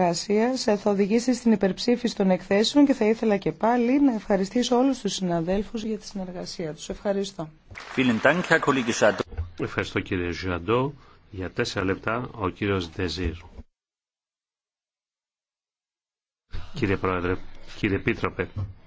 εργασίας ε, θα οδηγήσει στην υπερψήφιση των εκθέσεων και θα ήθελα και πάλι να ευχαριστήσω όλους τους συναδέλφους για τη συνεργασία τους. Ευχαριστώ. Ευχαριστώ κύριε Ζουαντό. Για τέσσερα λεπτά ο κύριος Δεζίρ. Κύριε Πρόεδρε, κύριε Πίτροπε,